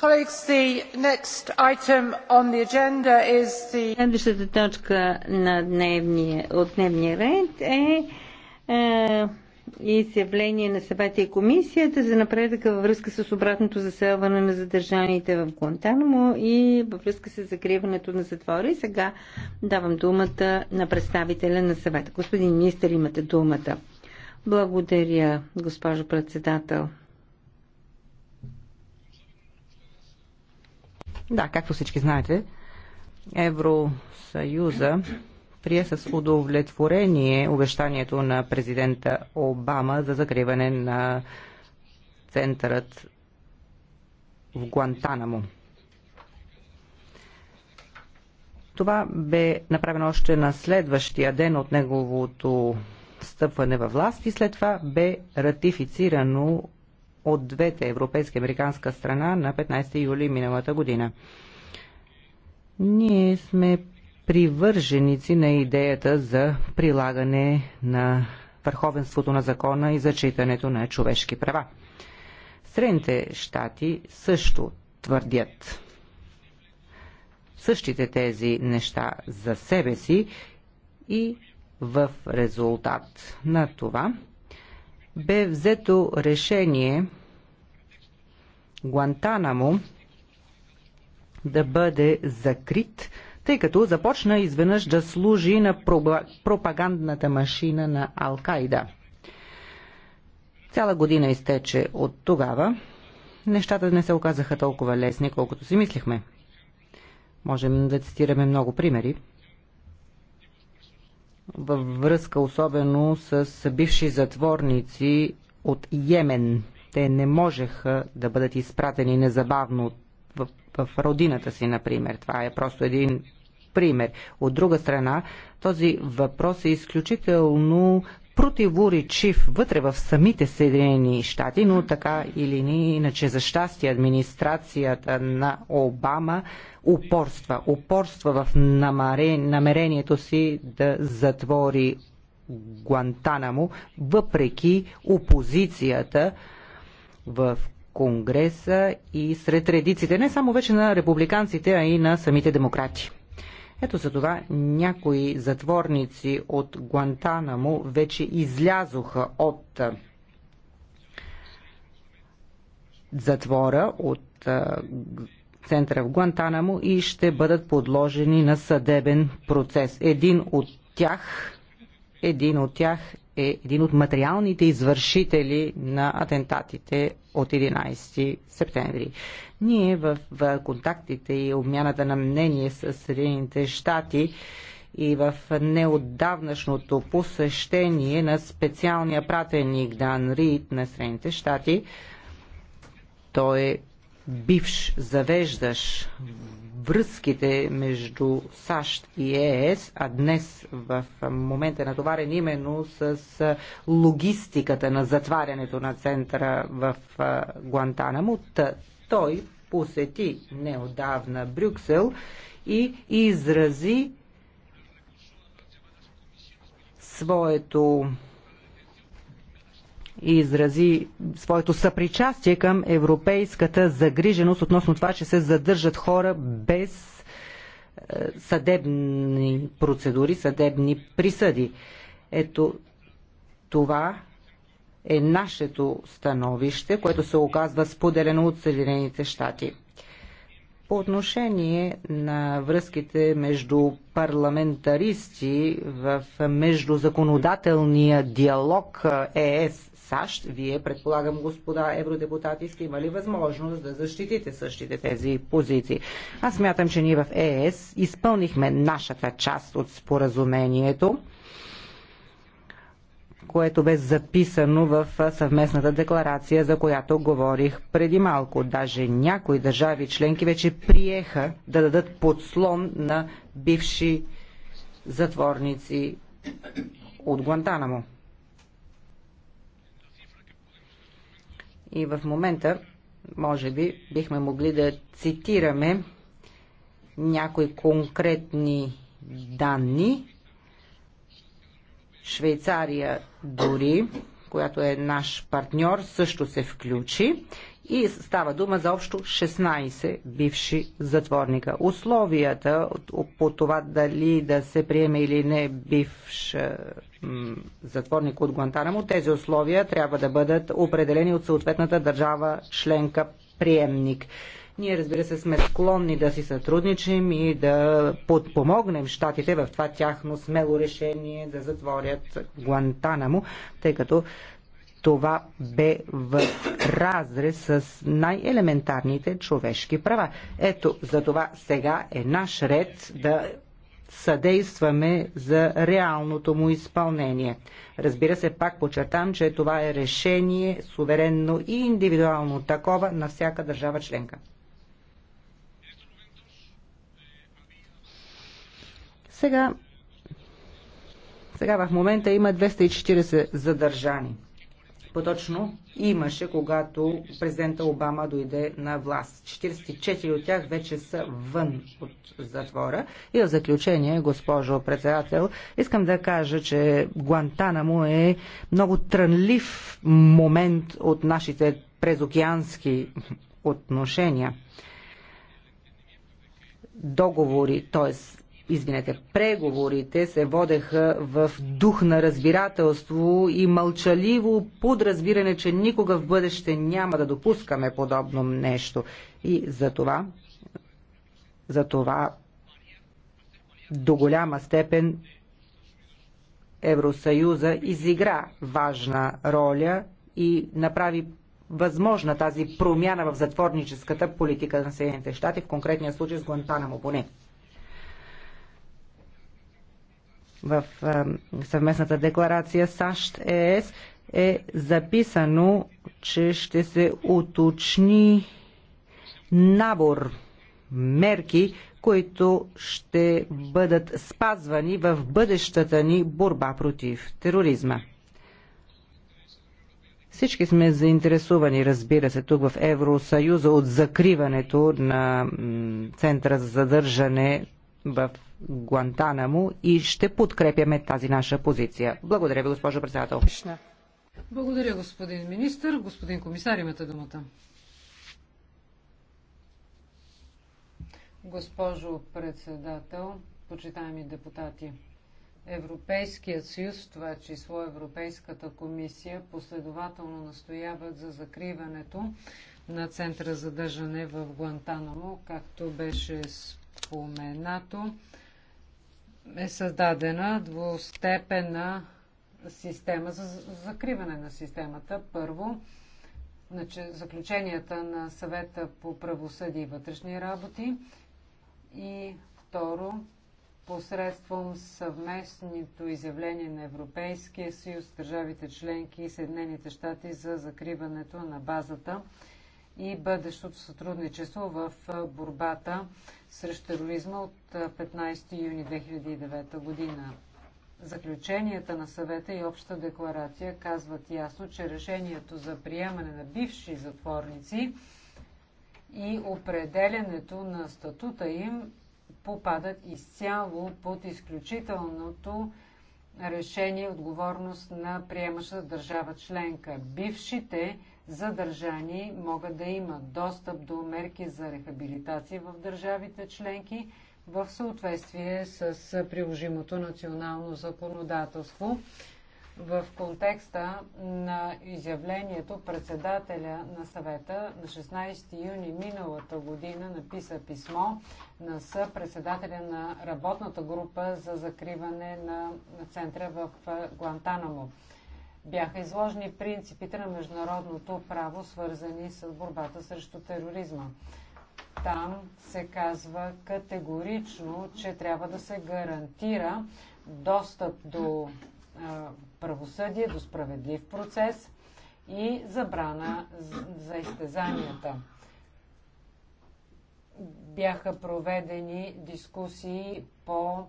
Следващата точка от дневния ред е, е изявление на съвета и комисията за напредъка във връзка с обратното заселване на задържаните в Гуантанамо и във връзка с закриването на затвора. И сега давам думата на представителя на съвета. Господин министър, имате думата. Благодаря, госпожо председател. Да, както всички знаете, Евросъюза прие с удовлетворение обещанието на президента Обама за закриване на центърът в Гуантанамо. Това бе направено още на следващия ден от неговото стъпване във власт и след това бе ратифицирано от двете европейски американска страна на 15 юли миналата година. Ние сме привърженици на идеята за прилагане на върховенството на закона и зачитането на човешки права. Средните щати също твърдят същите тези неща за себе си и в резултат на това бе взето решение Гуантанамо да бъде закрит, тъй като започна изведнъж да служи на пропагандната машина на Алкайда. Цяла година изтече от тогава. Нещата не се оказаха толкова лесни, колкото си мислихме. Можем да цитираме много примери във връзка особено с бивши затворници от Йемен. Те не можеха да бъдат изпратени незабавно в, в родината си, например. Това е просто един пример. От друга страна, този въпрос е изключително противоречив вътре в самите Съединени щати, но така или не иначе за щастие администрацията на Обама упорства. Упорства в намерението си да затвори Гуантанамо, въпреки опозицията в Конгреса и сред редиците не само вече на републиканците, а и на самите демократи. Ето за това някои затворници от Гуантанамо вече излязоха от затвора, от центъра в Гуантанамо и ще бъдат подложени на съдебен процес. Един от тях, един от тях е един от материалните извършители на атентатите от 11 септември. Ние в контактите и обмяната на мнение с Съединените щати и в неотдавнашното посещение на специалния пратеник Дан Рид на Съединените щати, той е бивш завеждаш връзките между САЩ и ЕС, а днес в момента е натоварен именно с логистиката на затварянето на центъра в Гуантанамо. Той посети неодавна Брюксел и изрази своето и изрази своето съпричастие към европейската загриженост относно това, че се задържат хора без е, съдебни процедури, съдебни присъди. Ето това е нашето становище, което се оказва споделено от Съединените щати. По отношение на връзките между парламентаристи в междузаконодателния диалог ЕС САЩ, вие, предполагам, господа евродепутати, сте имали възможност да защитите същите тези позиции. Аз мятам, че ние в ЕС изпълнихме нашата част от споразумението което бе записано в съвместната декларация, за която говорих преди малко. Даже някои държави членки вече приеха да дадат подслон на бивши затворници от Гуантанамо. И в момента, може би, бихме могли да цитираме някои конкретни данни, Швейцария дори, която е наш партньор, също се включи и става дума за общо 16 бивши затворника. Условията по това дали да се приеме или не бивш е, затворник от Гуантанамо, тези условия трябва да бъдат определени от съответната държава членка приемник. Ние, разбира се, сме склонни да си сътрудничим и да подпомогнем щатите в това тяхно смело решение да затворят Гуантанамо, тъй като това бе в разрез с най-елементарните човешки права. Ето, за това сега е наш ред да съдействаме за реалното му изпълнение. Разбира се, пак почертам, че това е решение суверенно и индивидуално такова на всяка държава членка. Сега, сега в момента има 240 задържани. Поточно имаше, когато президента Обама дойде на власт. 44 от тях вече са вън от затвора. И в заключение, госпожо председател, искам да кажа, че Гуантанамо е много трънлив момент от нашите презокеански отношения. Договори, т.е извинете, преговорите се водеха в дух на разбирателство и мълчаливо подразбиране, че никога в бъдеще няма да допускаме подобно нещо. И за това, за това до голяма степен Евросъюза изигра важна роля и направи възможна тази промяна в затворническата политика на Съединените щати, в конкретния случай с Гуантанамо поне. в съвместната декларация САЩ-ЕС е записано, че ще се уточни набор мерки, които ще бъдат спазвани в бъдещата ни борба против тероризма. Всички сме заинтересувани, разбира се, тук в Евросъюза от закриването на Центъра за задържане в Гуантанамо и ще подкрепяме тази наша позиция. Благодаря ви, госпожо председател. Благодаря, господин министр. Господин комисар, имате думата. Госпожо председател, почитаеми депутати, Европейският съюз, това число Европейската комисия, последователно настояват за закриването на Центъра за държане в Гуантанамо, както беше споменато е създадена двустепена система за закриване на системата. Първо, значи, заключенията на съвета по правосъдие и вътрешни работи и второ, посредством съвместното изявление на Европейския съюз, държавите членки и Съединените щати за закриването на базата и бъдещото сътрудничество в борбата срещу тероризма от 15 юни 2009 година. Заключенията на съвета и обща декларация казват ясно, че решението за приемане на бивши затворници и определенето на статута им попадат изцяло под изключителното решение и отговорност на приемаща държава членка. Бившите задържани могат да имат достъп до мерки за рехабилитация в държавите членки в съответствие с приложимото национално законодателство. В контекста на изявлението председателя на съвета на 16 юни миналата година написа писмо на съпредседателя на работната група за закриване на центра в Гуантанамо бяха изложени принципите на международното право, свързани с борбата срещу тероризма. Там се казва категорично, че трябва да се гарантира достъп до правосъдие, до справедлив процес и забрана за изтезанията. Бяха проведени дискусии по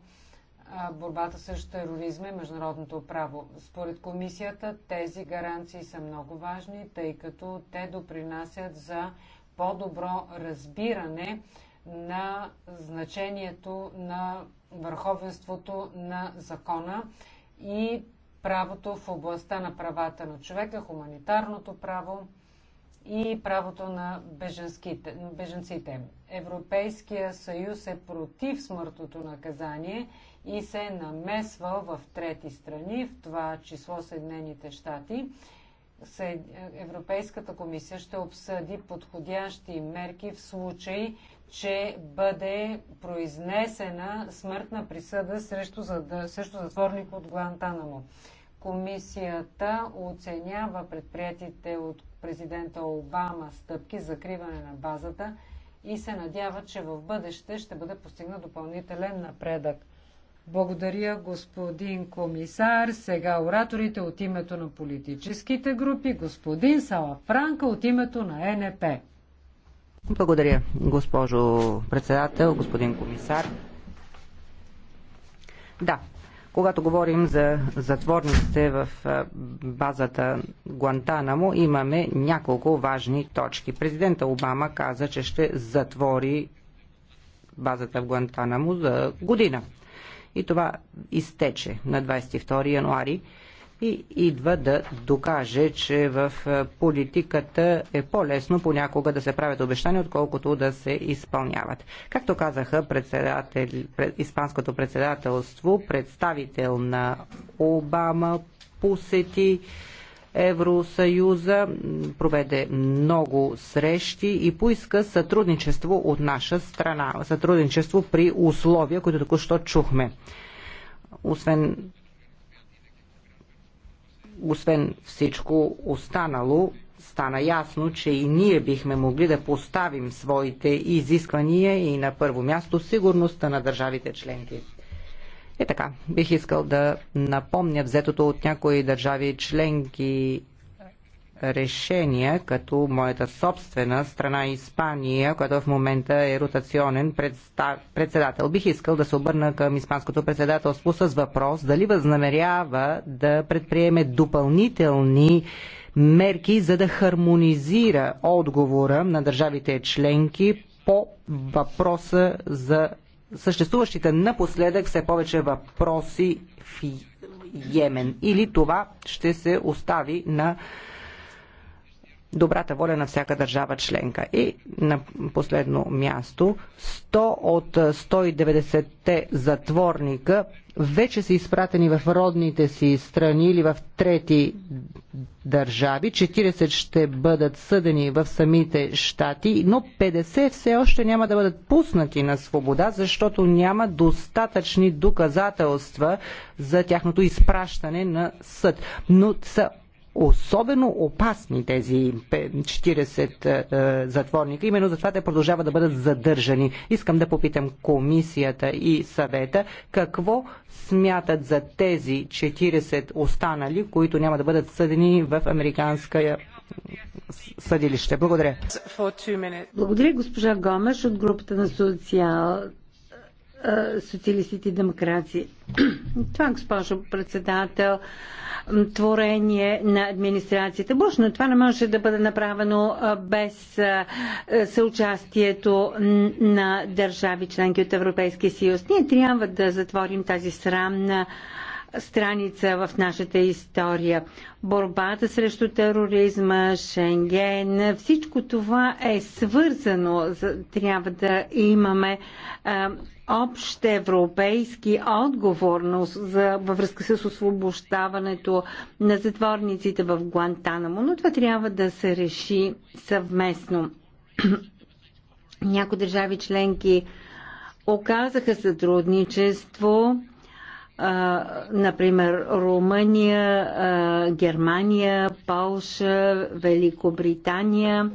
борбата с тероризма и международното право. Според комисията тези гаранции са много важни, тъй като те допринасят за по-добро разбиране на значението на върховенството на закона и правото в областта на правата на човека, хуманитарното право и правото на беженците. Европейския съюз е против смъртното наказание и се намесва в трети страни, в това число Съединените щати. Европейската комисия ще обсъди подходящи мерки в случай, че бъде произнесена смъртна присъда срещу, срещу затворник от Гуантанамо. Комисията оценява предприятите от президента Обама стъпки за закриване на базата и се надява, че в бъдеще ще бъде постигнат допълнителен напредък. Благодаря, господин комисар. Сега ораторите от името на политическите групи. Господин Сала Франка от името на НП. Благодаря, госпожо председател, господин комисар. Да, когато говорим за затворниците в базата Гуантанамо, имаме няколко важни точки. Президента Обама каза, че ще затвори базата в Гуантанамо за година и това изтече на 22 януари и идва да докаже, че в политиката е по-лесно понякога да се правят обещания, отколкото да се изпълняват. Както казаха председател, пред, Испанското председателство, представител на Обама посети Евросъюза проведе много срещи и поиска сътрудничество от наша страна. Сътрудничество при условия, които току-що чухме. Освен освен всичко останало, стана ясно, че и ние бихме могли да поставим своите изисквания и на първо място сигурността на държавите членки. И е така, бих искал да напомня взетото от някои държави членки решения, като моята собствена страна Испания, която в момента е ротационен председател. Бих искал да се обърна към Испанското председателство с въпрос дали възнамерява да предприеме допълнителни мерки, за да хармонизира отговора на държавите членки по въпроса за съществуващите напоследък все повече въпроси в Йемен. Или това ще се остави на добрата воля на всяка държава членка. И на последно място, 100 от 190-те затворника вече са изпратени в родните си страни или в трети държави. 40 ще бъдат съдени в самите щати, но 50 все още няма да бъдат пуснати на свобода, защото няма достатъчни доказателства за тяхното изпращане на съд. Но са особено опасни тези 40 е, е, затворника. Именно затова те продължават да бъдат задържани. Искам да попитам комисията и съвета какво смятат за тези 40 останали, които няма да бъдат съдени в американска е, съдилище. Благодаря. Благодаря госпожа Гомеш от групата на социал социалистите и демократи. Това, госпожо председател, творение на администрацията. Буш, но това не може да бъде направено без съучастието на държави членки от Европейския съюз. Ние трябва да затворим тази срамна страница в нашата история. Борбата срещу тероризма, Шенген, всичко това е свързано. Трябва да имаме общ европейски отговор за, във връзка с освобождаването на затворниците в Гуантанамо, но това трябва да се реши съвместно. Някои държави членки оказаха сътрудничество например, Румъния, Германия, Полша, Великобритания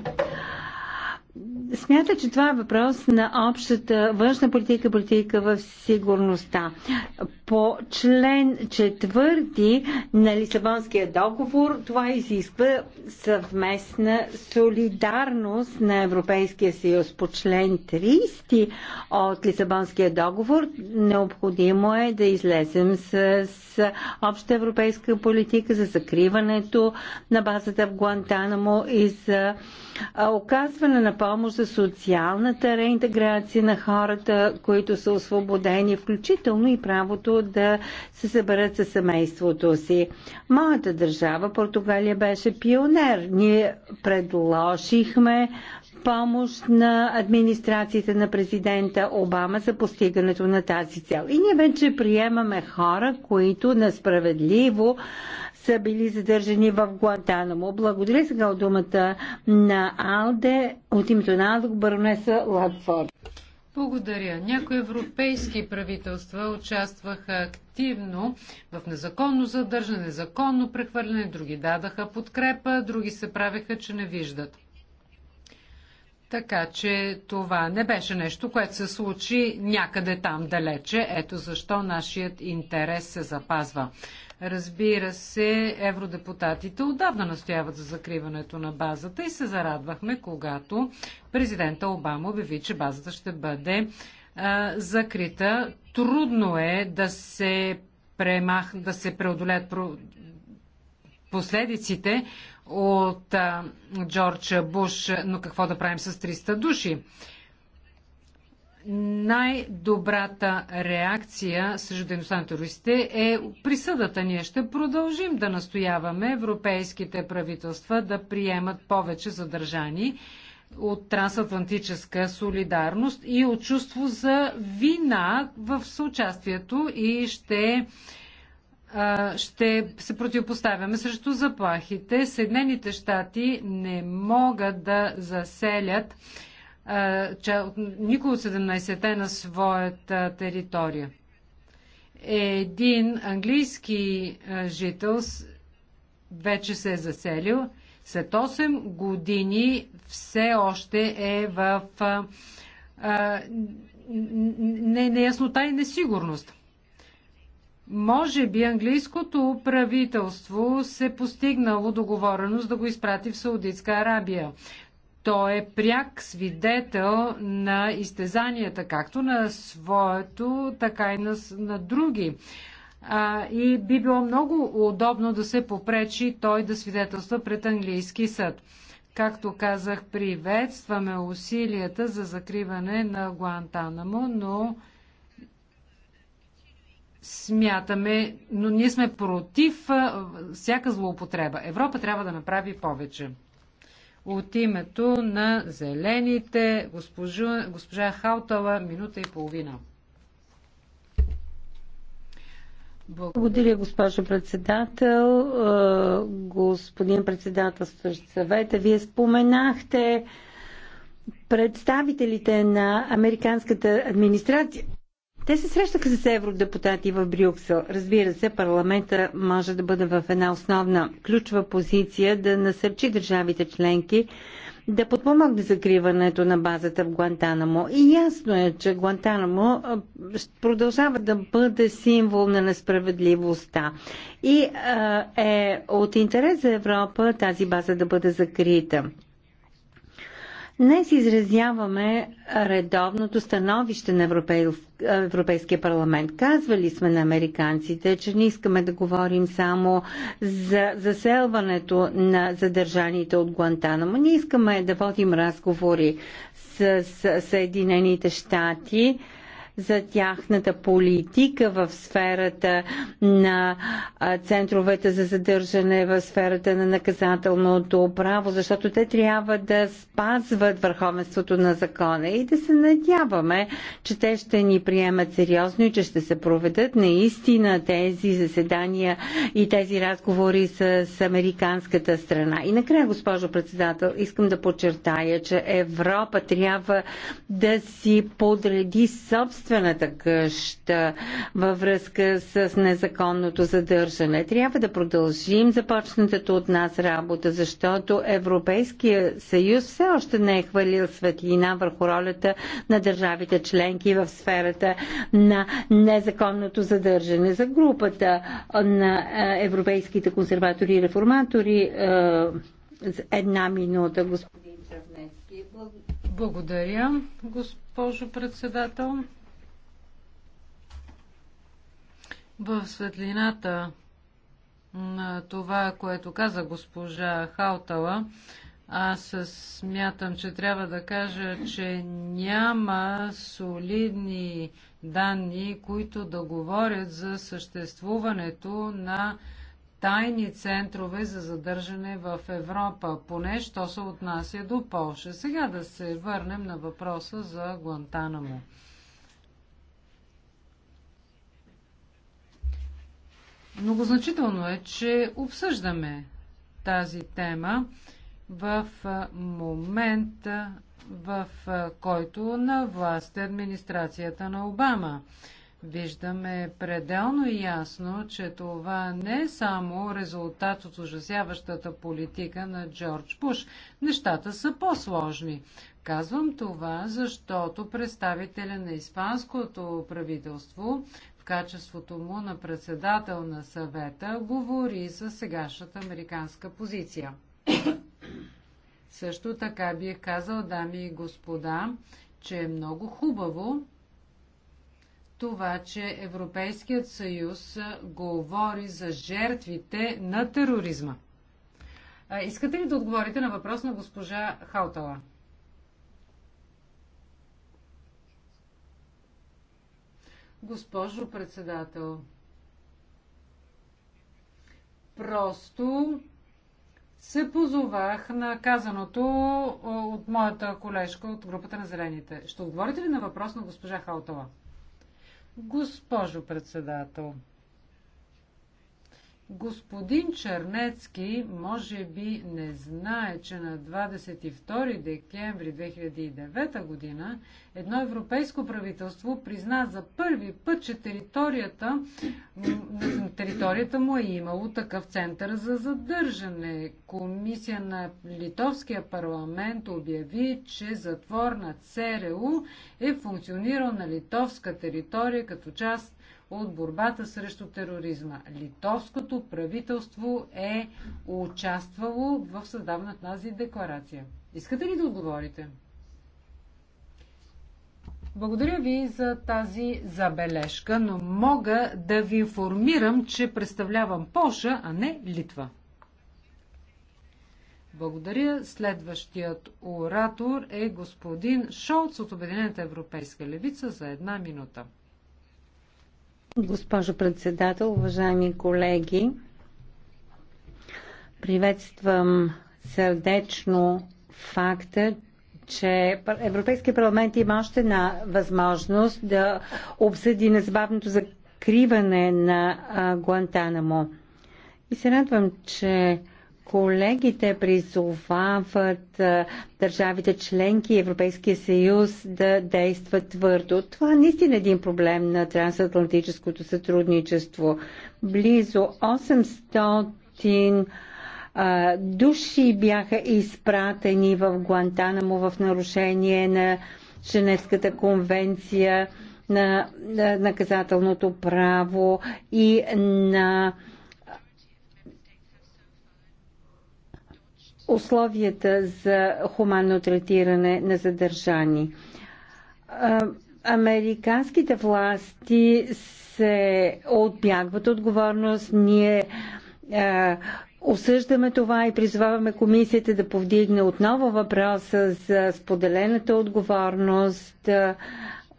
Смята, че това е въпрос на общата външна политика, политика в сигурността. По член четвърти на Лисабонския договор това изисква съвместна солидарност на Европейския съюз. По член 30 от Лисабонския договор необходимо е да излезем с обща европейска политика за закриването на базата в Гуантанамо и за оказване на помощ с е социалната реинтеграция на хората, които са освободени, включително и правото да се съберат със семейството си. Моята държава, Португалия, беше пионер. Ние предложихме помощ на администрацията на президента Обама за постигането на тази цел. И ние вече приемаме хора, които на справедливо са били задържани в Гуантанамо. Благодаря сега от думата на Алде от името на Алде баронеса Ладфорд. Благодаря. Някои европейски правителства участваха активно в незаконно задържане, незаконно прехвърляне, други дадаха подкрепа, други се правеха, че не виждат. Така че това не беше нещо, което се случи някъде там далече. Ето защо нашият интерес се запазва. Разбира се, евродепутатите отдавна настояват за закриването на базата и се зарадвахме, когато президента Обама обяви, че базата ще бъде а, закрита. Трудно е да се премах, да се преодолят последиците от а, Джордж Буш, но какво да правим с 300 души? най-добрата реакция срещу дейността на терористите е присъдата. Ние ще продължим да настояваме европейските правителства да приемат повече задържани от трансатлантическа солидарност и от чувство за вина в съучастието и ще ще се противопоставяме срещу заплахите. Съединените щати не могат да заселят че никой от 17-те на своята територия. Един английски жител вече се е заселил. След 8 години все още е в а, не, неяснота и несигурност. Може би английското правителство се постигнало договореност да го изпрати в Саудитска Арабия. Той е пряк свидетел на изтезанията, както на своето, така и на, на други. А, и би било много удобно да се попречи той да свидетелства пред английски съд. Както казах, приветстваме усилията за закриване на Гуантанамо, но смятаме, но ние сме против всяка злоупотреба. Европа трябва да направи повече. От името на зелените, госпожа, госпожа Хаутала, минута и половина. Благодаря, госпожо председател. Е, господин председател съвета, вие споменахте представителите на американската администрация те се срещаха с евродепутати в Брюксел. Разбира се, парламента може да бъде в една основна ключова позиция да насърчи държавите членки да подпомогне закриването на базата в Гуантанамо. И ясно е, че Гуантанамо продължава да бъде символ на несправедливостта. И е от интерес за Европа тази база да бъде закрита. Днес изразяваме редовното становище на Европей... Европейския парламент. Казвали сме на американците, че не искаме да говорим само за заселването на задържаните от Гуантанамо. Ние искаме да водим разговори с Съединените щати за тяхната политика в сферата на центровете за задържане, в сферата на наказателното право, защото те трябва да спазват върховенството на закона и да се надяваме, че те ще ни приемат сериозно и че ще се проведат наистина тези заседания и тези разговори с американската страна. И накрая, госпожо председател, искам да подчертая, че Европа трябва да си подреди собствените собствената къща във връзка с незаконното задържане. Трябва да продължим започнатата от нас работа, защото Европейския съюз все още не е хвалил светлина върху ролята на държавите членки в сферата на незаконното задържане. За групата на е, европейските консерватори и реформатори е, една минута, господин Чернецки. Благодаря, госпожо председател. В светлината на това, което каза госпожа Хаутала, аз смятам, че трябва да кажа, че няма солидни данни, които да говорят за съществуването на тайни центрове за задържане в Европа, поне що се отнася до Полша. Сега да се върнем на въпроса за Гуантанамо. Много значително е, че обсъждаме тази тема в момента, в който на власт е администрацията на Обама. Виждаме пределно ясно, че това не е само резултат от ужасяващата политика на Джордж Буш. Нещата са по-сложни. Казвам това, защото представителя на испанското правителство качеството му на председател на съвета, говори за сегашната американска позиция. Също така бих казал, дами и господа, че е много хубаво това, че Европейският съюз говори за жертвите на тероризма. Искате ли да отговорите на въпрос на госпожа Хаутала? Госпожо председател, просто се позовах на казаното от моята колежка от групата на зелените. Ще отговорите ли на въпрос на госпожа Халтова? Госпожо председател, Господин Чернецки може би не знае, че на 22 декември 2009 година едно европейско правителство призна за първи път, че територията, територията му е имало такъв център за задържане. Комисия на Литовския парламент обяви, че затвор на ЦРУ е функционирал на литовска територия като част от борбата срещу тероризма. Литовското правителство е участвало в създаването на тази декларация. Искате ли да отговорите? Благодаря ви за тази забележка, но мога да ви информирам, че представлявам Полша, а не Литва. Благодаря. Следващият оратор е господин Шолц от Обединената европейска левица за една минута. Госпожо председател, уважаеми колеги, приветствам сърдечно факта, че Европейския парламент има още една възможност да обсъди незабавното закриване на Гуантанамо. И се радвам, че колегите призовават държавите членки и Европейския съюз да действат твърдо. Това наистина е един проблем на трансатлантическото сътрудничество. Близо 800 души бяха изпратени в Гуантанамо в нарушение на Женевската конвенция на наказателното право и на условията за хуманно третиране на задържани. Американските власти се отбягват отговорност. Ние осъждаме това и призоваваме комисията да повдигне отново въпроса за споделената отговорност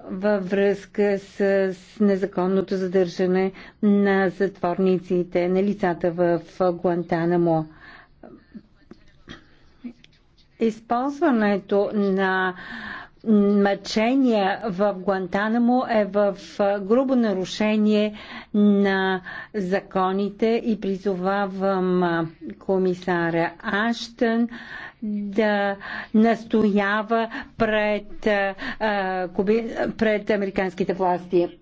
във връзка с незаконното задържане на затворниците, на лицата в Гуантанамо. Използването на мъчения в Гуантанамо е в грубо нарушение на законите и призовавам комисара Аштън да настоява пред, пред американските власти.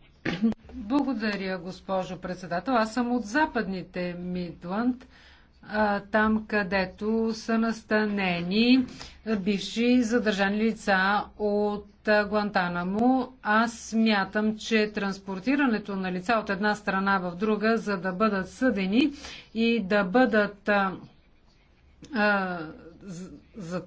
Благодаря, госпожо председател. Аз съм от западните Мидланд там, където са настанени бивши задържани лица от Гуантанамо. Аз смятам, че транспортирането на лица от една страна в друга, за да бъдат съдени и да бъдат а, а, за,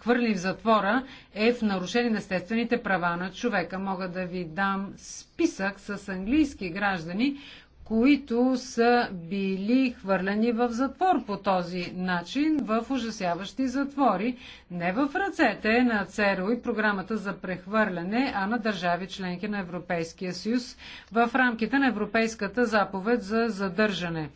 хвърли в затвора, е в нарушение на естествените права на човека. Мога да ви дам списък с английски граждани, които са били хвърлени в затвор по този начин, в ужасяващи затвори, не в ръцете на ЦРУ и програмата за прехвърляне, а на държави членки на Европейския съюз в рамките на Европейската заповед за задържане.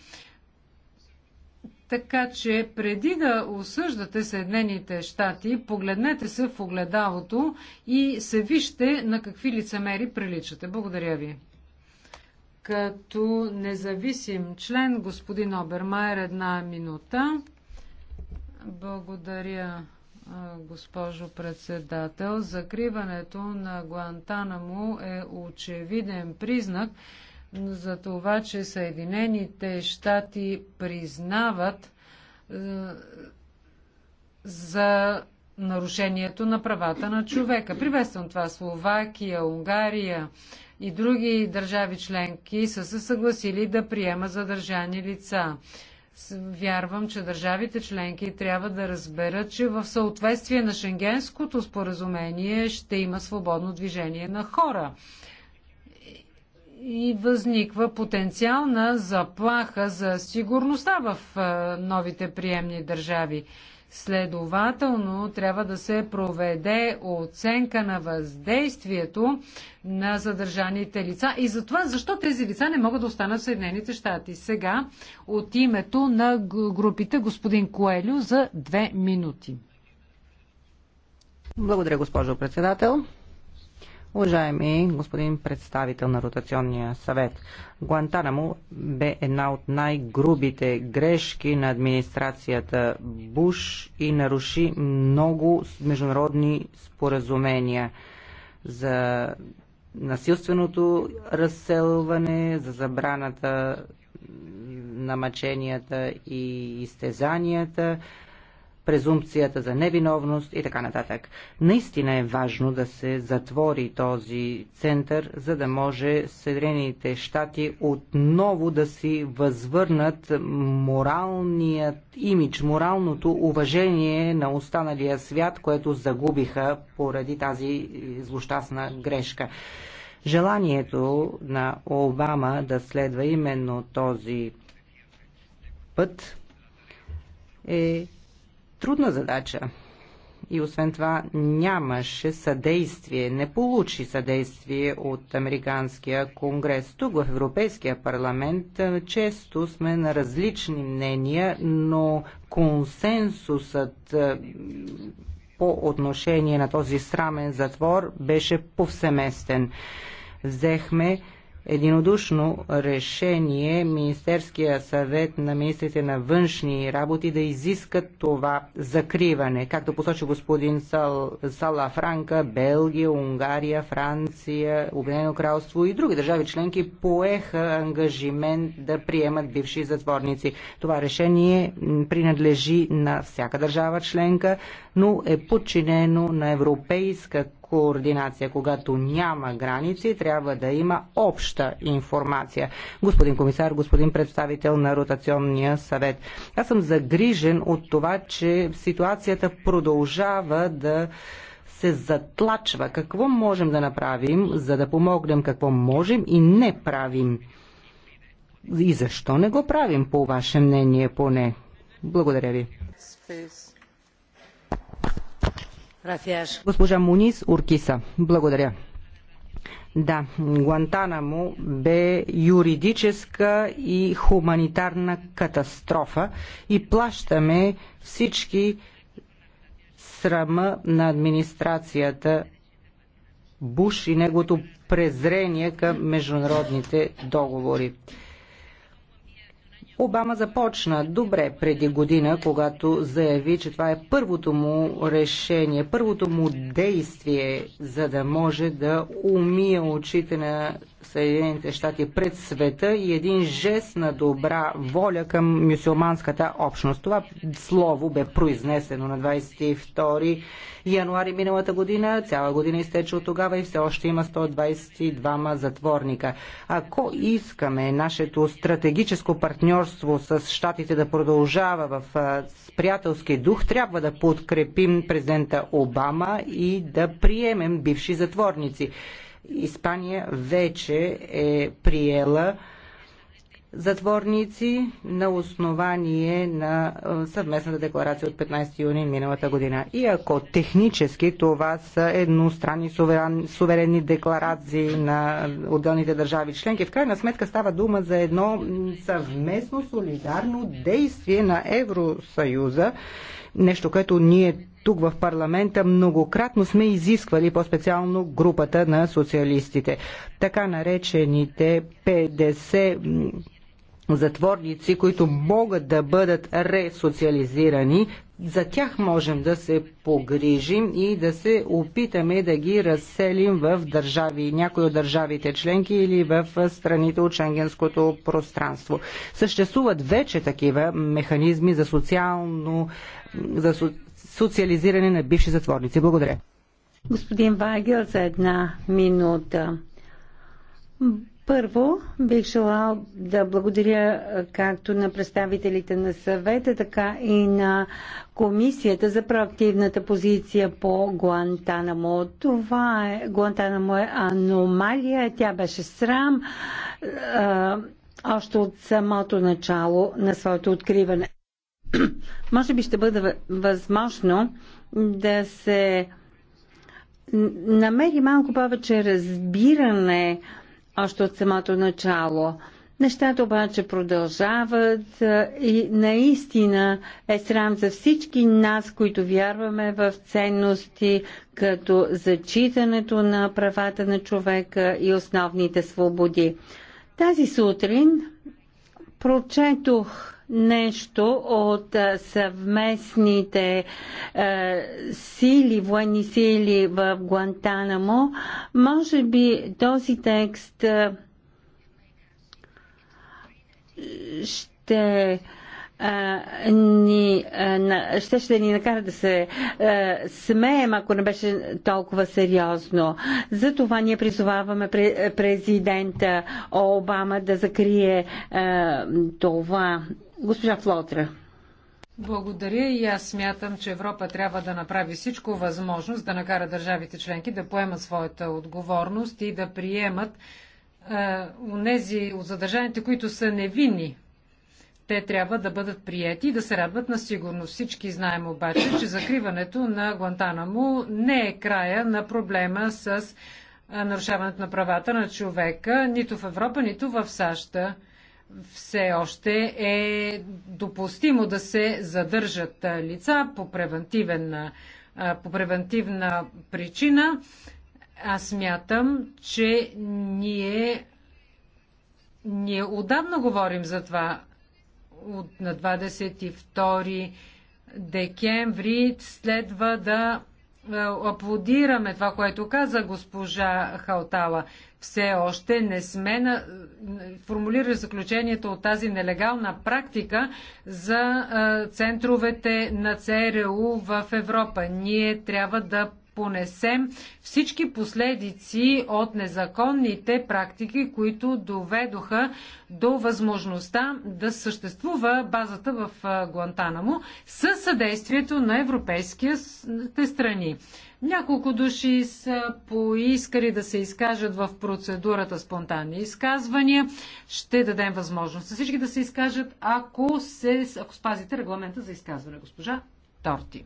Така че преди да осъждате Съединените щати, погледнете се в огледалото и се вижте на какви лицемери приличате. Благодаря ви като независим член. Господин Обермайер, една минута. Благодаря, госпожо председател. Закриването на Гуантанамо е очевиден признак за това, че Съединените щати признават за нарушението на правата на човека. Приветствам това Словакия, Унгария, и други държави членки са се съгласили да приема задържани лица. Вярвам, че държавите членки трябва да разберат, че в съответствие на Шенгенското споразумение ще има свободно движение на хора. И възниква потенциална заплаха за сигурността в е, новите приемни държави. Следователно трябва да се проведе оценка на въздействието на задържаните лица и за това защо тези лица не могат да останат в Съединените щати. Сега от името на групите господин Коелю за две минути. Благодаря, госпожо председател. Уважаеми господин представител на ротационния съвет, Гуантанамо бе една от най-грубите грешки на администрацията Буш и наруши много международни споразумения за насилственото разселване, за забраната на мъченията и изтезанията, презумпцията за невиновност и така нататък. Наистина е важно да се затвори този център, за да може Съединените щати отново да си възвърнат моралният имидж, моралното уважение на останалия свят, което загубиха поради тази злощастна грешка. Желанието на Обама да следва именно този път е трудна задача. И освен това нямаше съдействие, не получи съдействие от Американския конгрес. Тук в Европейския парламент често сме на различни мнения, но консенсусът е, по отношение на този срамен затвор беше повсеместен. Взехме единодушно решение Министерския съвет на министрите на външни работи да изискат това закриване. Както посочи господин Сал, Сала Франка, Белгия, Унгария, Франция, Обединено кралство и други държави членки поеха ангажимент да приемат бивши затворници. Това решение принадлежи на всяка държава членка, но е подчинено на европейската координация. Когато няма граници, трябва да има обща информация. Господин комисар, господин представител на ротационния съвет. Аз съм загрижен от това, че ситуацията продължава да се затлачва. Какво можем да направим, за да помогнем? Какво можем и не правим? И защо не го правим, по ваше мнение поне? Благодаря ви. Госпожа Мунис Уркиса. Благодаря. Да, Гуантанамо бе юридическа и хуманитарна катастрофа и плащаме всички срама на администрацията Буш и неговото презрение към международните договори. Обама започна добре преди година, когато заяви, че това е първото му решение, първото му действие, за да може да умие очите на Съединените щати пред света и един жест на добра воля към мюсюлманската общност. Това слово бе произнесено на 22 януари миналата година. Цяла година изтече от тогава и все още има 122 затворника. Ако искаме нашето стратегическо партньорство с щатите да продължава в приятелски дух, трябва да подкрепим президента Обама и да приемем бивши затворници. Испания вече е приела затворници на основание на съвместната декларация от 15 юни миналата година. И ако технически това са едностранни суверен, суверенни декларации на отделните държави членки, в крайна сметка става дума за едно съвместно солидарно действие на Евросъюза, нещо, което ние тук в парламента многократно сме изисквали по-специално групата на социалистите. Така наречените 50 затворници, които могат да бъдат ресоциализирани, за тях можем да се погрижим и да се опитаме да ги разселим в държави, някои от държавите членки или в страните от шенгенското пространство. Съществуват вече такива механизми за социално за социализиране на бивши затворници. Благодаря. Господин Вагел, за една минута. Първо, бих желал да благодаря както на представителите на съвета, така и на комисията за проактивната позиция по Гуантанамо. Това е, Гуантанамо е аномалия, тя беше срам още от самото начало на своето откриване. може би ще бъде възможно да се намери малко повече разбиране още от самото начало. Нещата обаче продължават и наистина е срам за всички нас, които вярваме в ценности, като зачитането на правата на човека и основните свободи. Тази сутрин прочетох нещо от съвместните е, сили, военни сили в Гуантанамо, може би този текст ще ни, ще ще ни накара да се е, смеем, ако не беше толкова сериозно. Затова ние призоваваме президента Обама да закрие е, това Госпожа Флотра. Благодаря и аз смятам, че Европа трябва да направи всичко възможност да накара държавите членки да поемат своята отговорност и да приемат е, нези от задържаните, които са невинни. Те трябва да бъдат приети и да се радват на сигурност. Всички знаем обаче, че закриването на Гуантанамо не е края на проблема с е, нарушаването на правата на човека, нито в Европа, нито в САЩ все още е допустимо да се задържат лица по, превентивен, по превентивна причина. Аз мятам, че ние, ние отдавна говорим за това от на 22 декември следва да е, аплодираме това, което каза госпожа Халтала. Все още не сме на... формулирали заключението от тази нелегална практика за е, центровете на ЦРУ в Европа. Ние трябва да понесем всички последици от незаконните практики, които доведоха до възможността да съществува базата в Гуантанамо с съдействието на европейските страни. Няколко души са поискали да се изкажат в процедурата спонтанни изказвания. Ще дадем възможност на всички да се изкажат, ако, се, ако спазите регламента за изказване, госпожа Торти.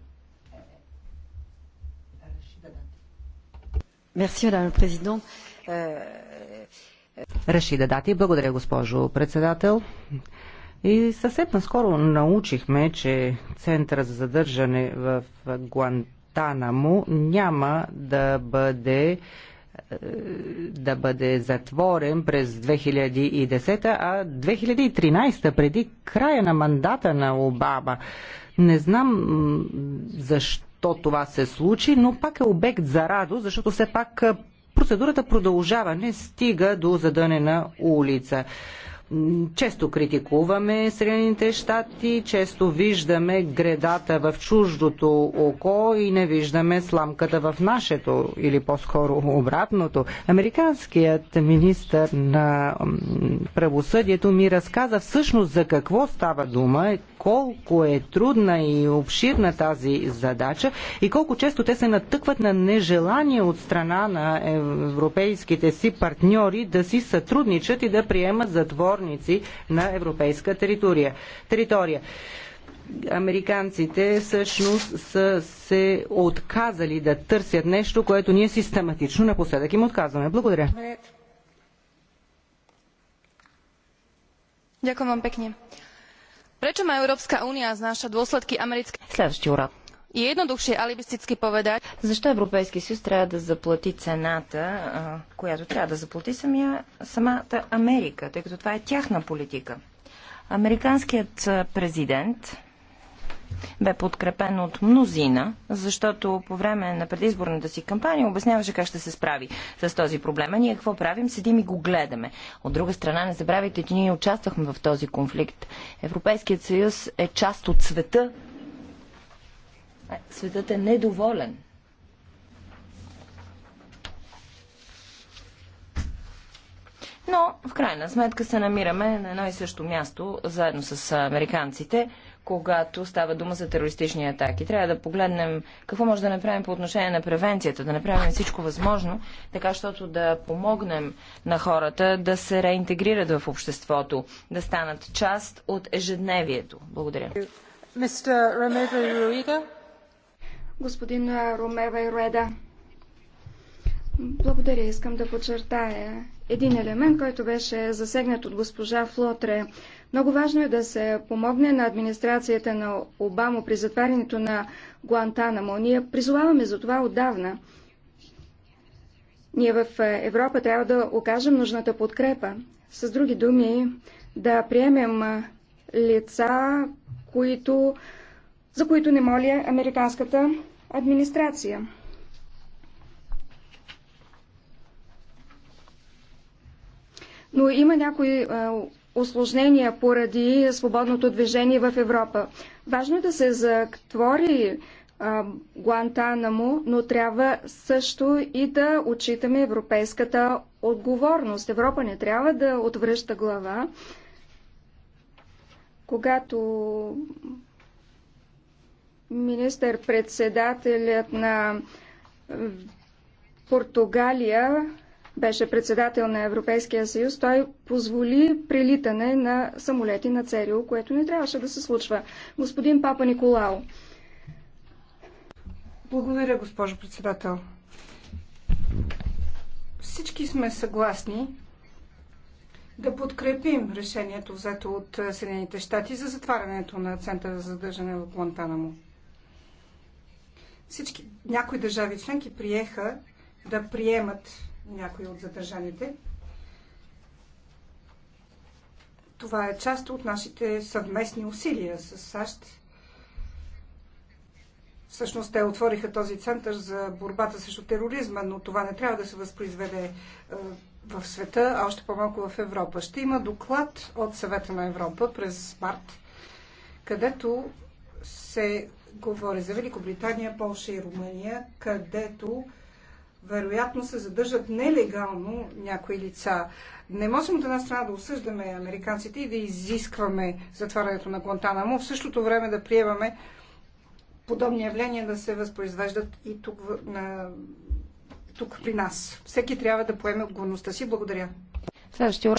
Euh, Рашида Дати, благодаря госпожо председател. И съвсем наскоро научихме, че Центъра за задържане в Гуантанамо няма да бъде е, да бъде затворен през 2010, а 2013, преди края на мандата на Обама. Не знам защо защо това се случи, но пак е обект за радост, защото все пак процедурата продължава, не стига до задънена улица. Често критикуваме Съединените щати, често виждаме гредата в чуждото око и не виждаме сламката в нашето или по-скоро обратното. Американският министр на правосъдието ми разказа всъщност за какво става дума, колко е трудна и обширна тази задача и колко често те се натъкват на нежелание от страна на европейските си партньори да си сътрудничат и да приемат затвор затворници на европейска територия. територия американците всъщност са се отказали да търсят нещо, което ние систематично напоследък им отказваме. Благодаря. Дякувам вам pekne. Пречо ма Европска уния знаша dôsledky американски... Следващи урок и еднодушие алибистически поведать. Защо Европейски съюз трябва да заплати цената, която трябва да заплати самия, самата Америка, тъй като това е тяхна политика? Американският президент бе подкрепен от мнозина, защото по време на предизборната си кампания обясняваше как ще се справи с този проблем. А ние какво правим? Седим и го гледаме. От друга страна, не забравяйте, че ние участвахме в този конфликт. Европейският съюз е част от света, е, светът е недоволен. Но, в крайна сметка, се намираме на едно и също място, заедно с американците, когато става дума за терористични атаки. Трябва да погледнем какво може да направим по отношение на превенцията, да направим всичко възможно, така защото да помогнем на хората да се реинтегрират в обществото, да станат част от ежедневието. Благодаря господин Ромева и Руеда. Благодаря. Искам да подчертая един елемент, който беше засегнат от госпожа Флотре. Много важно е да се помогне на администрацията на Обамо при затварянето на Гуантанамо. Ние призоваваме за това отдавна. Ние в Европа трябва да окажем нужната подкрепа. С други думи, да приемем лица, които, за които не моли американската администрация. Но има някои е, осложнения поради свободното движение в Европа. Важно е да се затвори е, Гуантанамо, но трябва също и да отчитаме европейската отговорност. Европа не трябва да отвръща глава, когато Министър-председателят на Португалия беше председател на Европейския съюз. Той позволи прилитане на самолети на ЦРУ, което не трябваше да се случва. Господин Папа Николао. Благодаря, госпожо председател. Всички сме съгласни да подкрепим решението взето от Съединените щати за затварянето на Центъра за задържане в Гуантанамо. Всички, някои държави членки приеха да приемат някои от задържаните. Това е част от нашите съвместни усилия с САЩ. Всъщност те отвориха този център за борбата срещу тероризма, но това не трябва да се възпроизведе е, в света, а още по-малко в Европа. Ще има доклад от Съвета на Европа през март, където се Говоря за Великобритания, Полша и Румъния, където вероятно се задържат нелегално някои лица. Не можем от една страна да осъждаме американците и да изискваме затварянето на но в същото време да приемаме подобни явления да се възпроизвеждат и тук, на, тук при нас. Всеки трябва да поеме отговорността си. Благодаря. Следващия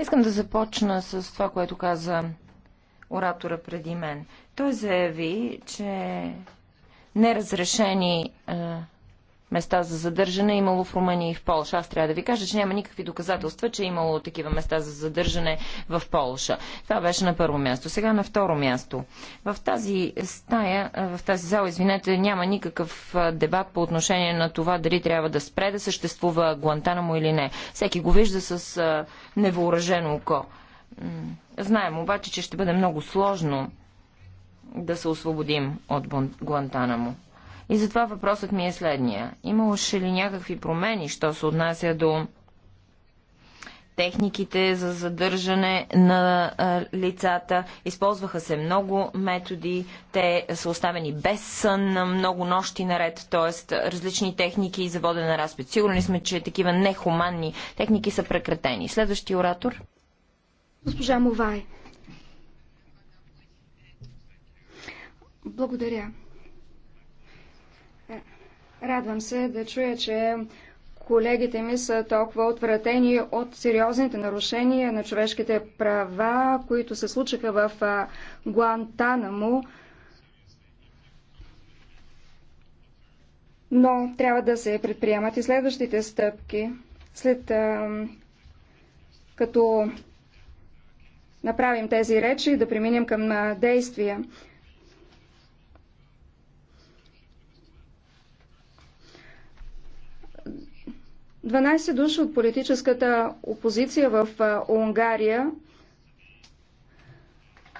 Искам да започна с това, което каза оратора преди мен. Той заяви, че неразрешени а, е, места за задържане е имало в Румъния и в Полша. Аз трябва да ви кажа, че няма никакви доказателства, че е имало такива места за задържане в Полша. Това беше на първо място. Сега на второ място. В тази стая, в тази зала, извинете, няма никакъв дебат по отношение на това дали трябва да спре да съществува Гуантанамо или не. Всеки го вижда с невооръжено око. Знаем обаче, че ще бъде много сложно да се освободим от Гуантанамо. И затова въпросът ми е следния. Имаше ли някакви промени, що се отнася до техниките за задържане на а, лицата. Използваха се много методи. Те са оставени без сън на много нощи наред, т.е. различни техники за водене на разпит. Сигурни сме, че такива нехуманни техники са прекратени. Следващи оратор. Госпожа Мовай. Благодаря. Е, радвам се да чуя, че колегите ми са толкова отвратени от сериозните нарушения на човешките права, които се случиха в Гуантанамо. Но трябва да се предприемат и следващите стъпки. След като направим тези речи и да преминем към действия. Дванайсет души от политическата опозиция в Унгария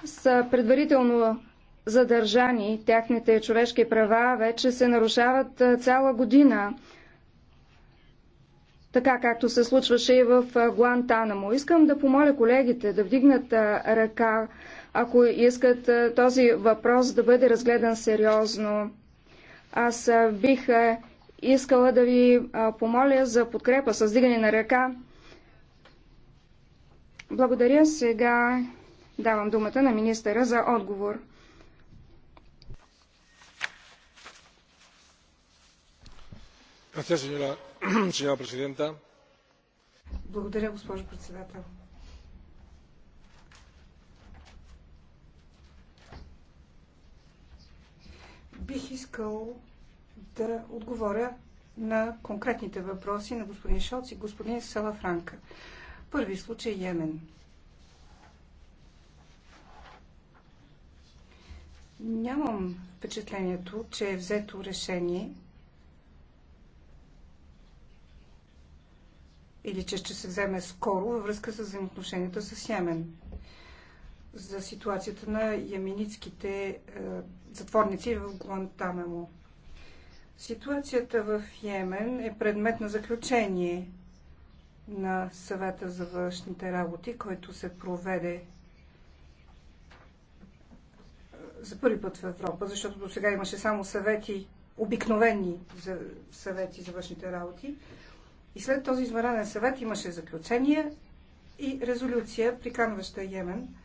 са предварително задържани. Тяхните човешки права вече се нарушават цяла година така както се случваше и в Гуантанамо. Искам да помоля колегите да вдигнат ръка, ако искат този въпрос да бъде разгледан сериозно. Аз бих искала да ви помоля за подкрепа с вдигане на ръка. Благодаря. Сега давам думата на министъра за отговор. Благодаря, señora presidenta. Благодаря, госпожо председател. Бих искал да отговоря на конкретните въпроси на господин Шоц и господин Салафранка. Първи случай е Йемен. Нямам впечатлението, че е взето решение или че ще се вземе скоро във връзка с взаимоотношенията с Йемен. За ситуацията на яминицките е, затворници в Гуантанамо. Ситуацията в Йемен е предмет на заключение на съвета за външните работи, който се проведе е, за първи път в Европа, защото до сега имаше само съвети, обикновени съвети за външните работи. И след този измерен съвет имаше заключение и резолюция, приканваща Йемен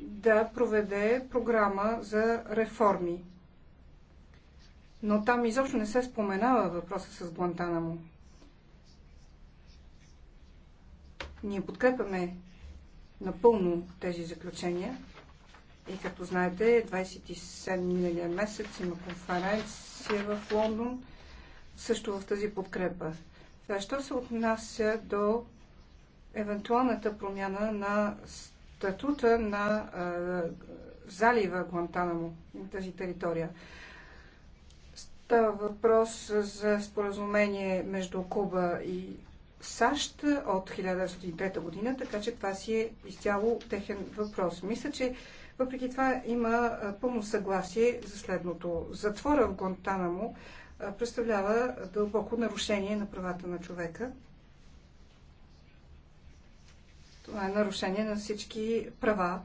да проведе програма за реформи. Но там изобщо не се споменава въпроса с Гуантанамо. Ние подкрепяме напълно тези заключения. И като знаете, 27 миналия месец има конференция в Лондон, също в тази подкрепа. Що се отнася до евентуалната промяна на статута на залива Гуантанамо, тази територия? Става въпрос за споразумение между Куба и САЩ от 1903 година, така че това си е изцяло техен въпрос. Мисля, че въпреки това има пълно съгласие за следното. Затвора в Гонтанамо представлява дълбоко нарушение на правата на човека. Това е нарушение на всички права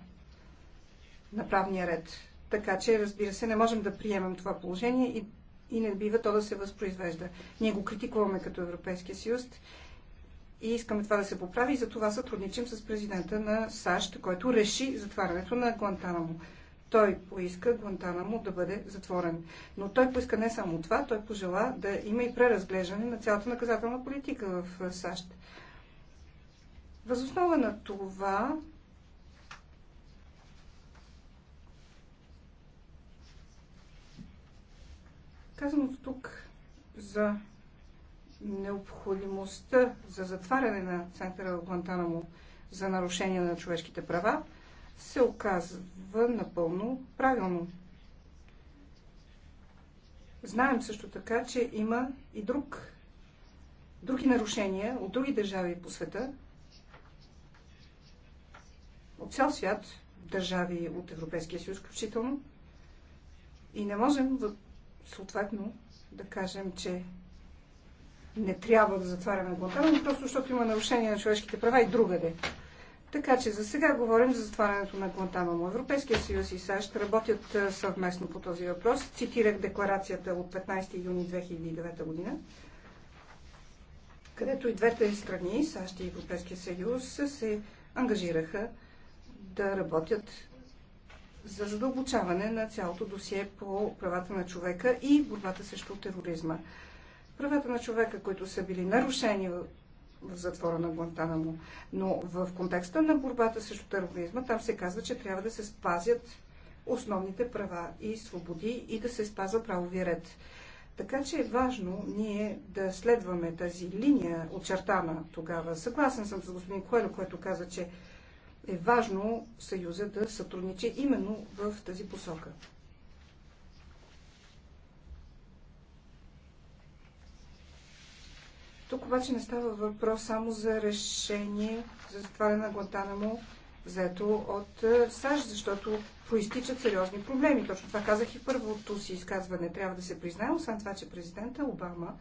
на правния ред. Така че, разбира се, не можем да приемем това положение и, и не бива то да се възпроизвежда. Ние го критикуваме като Европейския съюз и искаме това да се поправи и за това сътрудничим с президента на САЩ, който реши затварянето на Гуантанамо. Той поиска Гуантанамо да бъде затворен. Но той поиска не само това, той пожела да има и преразглеждане на цялата наказателна политика в САЩ. Възоснова на това казаното тук за необходимостта за затваряне на центъра в Гуантанамо за нарушение на човешките права, се оказва напълно правилно. Знаем също така, че има и друг, други нарушения от други държави по света, от цял свят, държави от Европейския съюз включително. И не можем съответно да кажем, че не трябва да затваряме но просто защото има нарушение на човешките права и другаде. Така че за сега говорим за затварянето на Гуантанамо. Европейския съюз и САЩ работят съвместно по този въпрос. Цитирах декларацията от 15 юни 2009 година, където и двете страни, САЩ и Европейския съюз, се ангажираха да работят за задълбочаване на цялото досие по правата на човека и борбата срещу тероризма. Правата на човека, които са били нарушени в затвора на Гуантанамо. Но в контекста на борбата срещу тероризма, там се казва, че трябва да се спазят основните права и свободи и да се спазва правови ред. Така че е важно ние да следваме тази линия, очертана тогава. Съгласен съм с господин Коелю, който каза, че е важно Съюза да сътрудничи именно в тази посока. Тук обаче не става въпрос само за решение за затваряне на му, взето от е, САЩ, защото проистичат сериозни проблеми. Точно това казах и първото си изказване. Трябва да се признаем, освен това, че президента Обама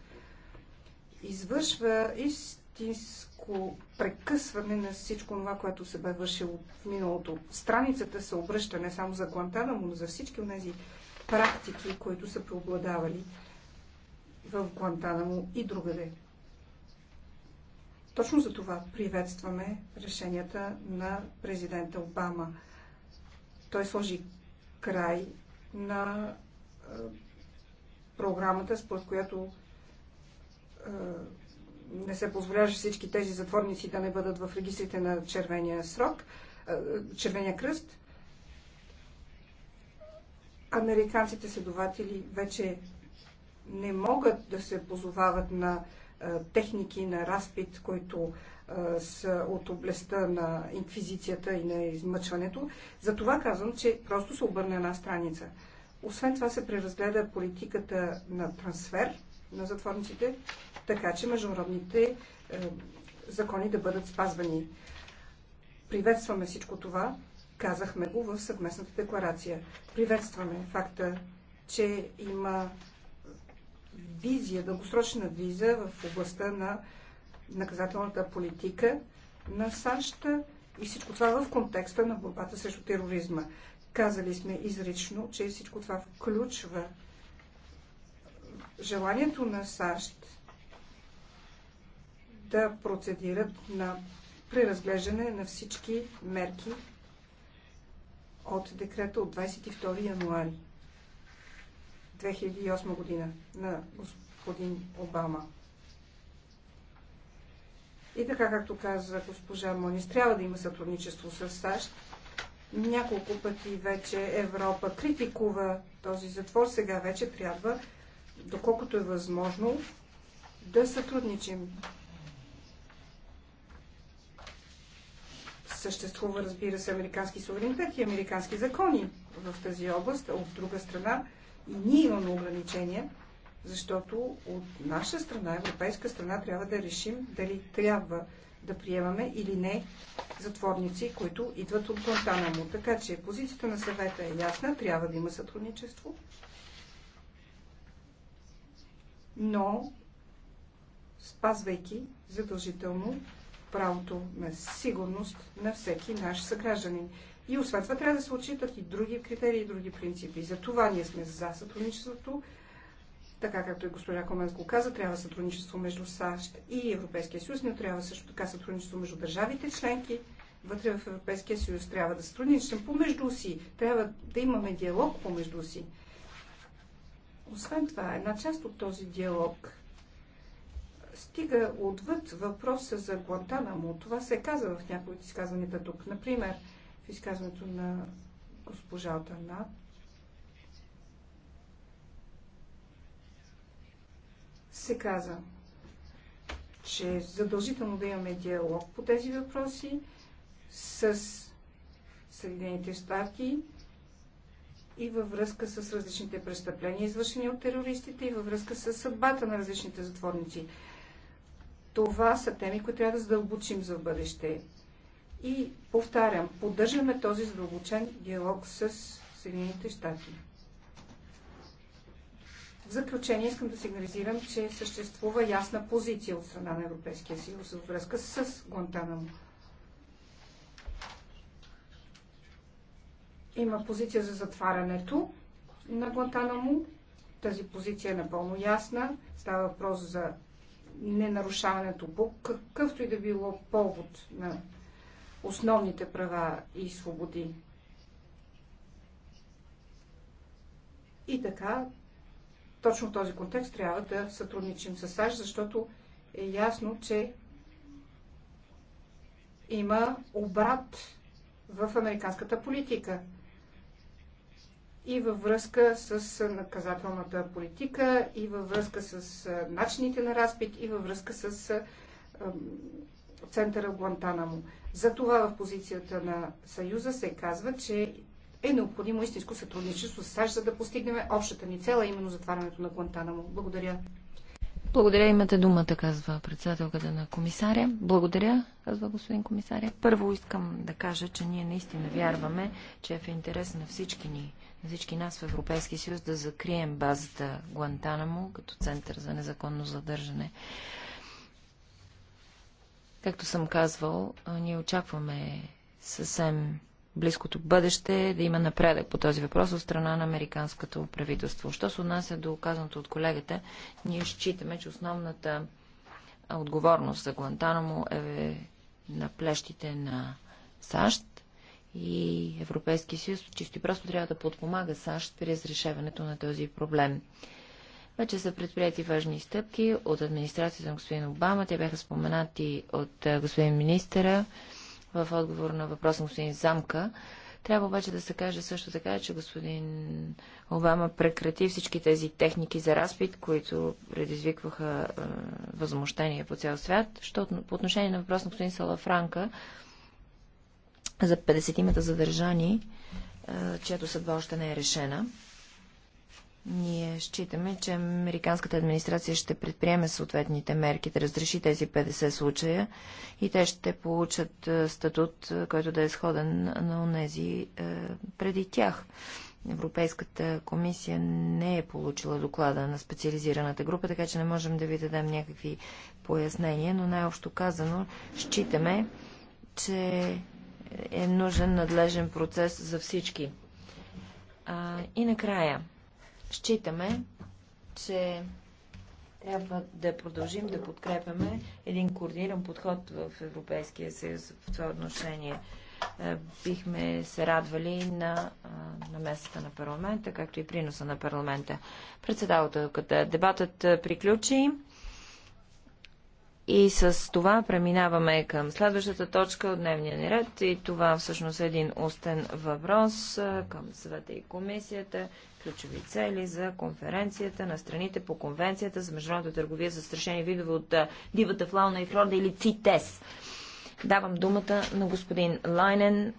извършва истинско прекъсване на всичко това, което се бе вършило в миналото. Страницата се обръща не само за Гуантана, но за всички от тези практики, които са преобладавали в му и другаде. Точно за това приветстваме решенията на президента Обама. Той сложи край на програмата, според която не се позволяваше всички тези затворници да не бъдат в регистрите на червения срок, червения кръст. Американците следователи вече не могат да се позовават на техники на разпит, които са от областта на инквизицията и на измъчването. За това казвам, че просто се обърна една страница. Освен това се преразгледа политиката на трансфер на затворниците, така че международните е, закони да бъдат спазвани. Приветстваме всичко това. Казахме го в съвместната декларация. Приветстваме факта, че има визия, дългосрочна визия в областта на наказателната политика на САЩ и всичко това в контекста на борбата срещу тероризма. Казали сме изрично, че всичко това включва желанието на САЩ да процедират на преразглеждане на всички мерки от декрета от 22 януари. 2008 година на господин Обама. И така, както каза госпожа Монис, трябва да има сътрудничество с САЩ. Няколко пъти вече Европа критикува този затвор. Сега вече трябва, доколкото е възможно, да сътрудничим. Съществува, разбира се, американски суверенитет и американски закони в тази област, а от друга страна и ние имаме ограничения, защото от наша страна, европейска страна, трябва да решим дали трябва да приемаме или не затворници, които идват от Гуантанамо. Така че позицията на съвета е ясна, трябва да има сътрудничество, но спазвайки задължително правото на сигурност на всеки наш съгражданин. И освен това трябва да се отчитат и други критерии и други принципи. За това ние сме за сътрудничеството. Така както и госпожа Коменс го каза, трябва сътрудничество между САЩ и Европейския съюз, но трябва също така сътрудничество между държавите членки. Вътре в Европейския съюз трябва да сътрудничим помежду си, трябва да имаме диалог помежду си. Освен това, една част от този диалог стига отвъд въпроса за Гуантанамо. Това се каза в някои от изказванията тук. Например, в изказването на госпожа Отанат. Се каза, че е задължително да имаме диалог по тези въпроси с Съединените щати и във връзка с различните престъпления, извършени от терористите и във връзка с съдбата на различните затворници. Това са теми, които трябва да задълбочим за бъдеще. И повтарям, поддържаме този задълбочен диалог с Съединените щати. В заключение искам да сигнализирам, че съществува ясна позиция от страна на Европейския съюз във връзка с Гуантанамо. Има позиция за затварянето на Гуантанамо. Тази позиция е напълно ясна. Става въпрос за ненарушаването по какъвто и да било повод на основните права и свободи. И така, точно в този контекст трябва да сътрудничим с САЩ, защото е ясно, че има обрат в американската политика и във връзка с наказателната политика, и във връзка с начините на разпит, и във връзка с центъра в Гуантанамо. Затова в позицията на Съюза се казва, че е необходимо истинско сътрудничество с САЩ, за да постигнем общата ни цела, именно затварянето на Гуантанамо. Благодаря. Благодаря, имате думата, казва председателката на комисаря. Благодаря, казва господин комисаря. Първо искам да кажа, че ние наистина вярваме, че е в интерес на всички ни, на всички нас в Европейския съюз да закрием базата Гуантанамо като център за незаконно задържане Както съм казвал, ние очакваме съвсем близкото бъдеще да има напредък по този въпрос от страна на американското правителство. Що се отнася до казаното от колегата, ние считаме, че основната отговорност за Гуантанамо е на плещите на САЩ и Европейския съюз чисто и просто трябва да подпомага САЩ при разрешаването на този проблем. Вече са предприяти важни стъпки от администрацията на господин Обама. Те бяха споменати от господин министъра в отговор на въпрос на господин Замка. Трябва обаче да се каже също така, че господин Обама прекрати всички тези техники за разпит, които предизвикваха е, възмущение по цял свят. защото по отношение на въпрос на господин Салафранка за 50-мата задържани, е, чиято съдба още не е решена. Ние считаме, че американската администрация ще предприеме съответните мерки да разреши тези 50 случая и те ще получат е, статут, е, който да е сходен на онези е, преди тях. Европейската комисия не е получила доклада на специализираната група, така че не можем да ви дадем някакви пояснения, но най-общо казано считаме, че е нужен надлежен процес за всички. А, и накрая – Считаме, че трябва да продължим да подкрепяме един координиран подход в Европейския съюз в това отношение. Е, бихме се радвали на, на местата на парламента, както и приноса на парламента. Председателката, дебатът приключи. И с това преминаваме към следващата точка от дневния ни ред и това всъщност е един устен въпрос към съвета и комисията, ключови цели за конференцията на страните по конвенцията за международната търговия за страшени видове от дивата флауна и флорда или ЦИТЕС. Давам думата на господин Лайнен.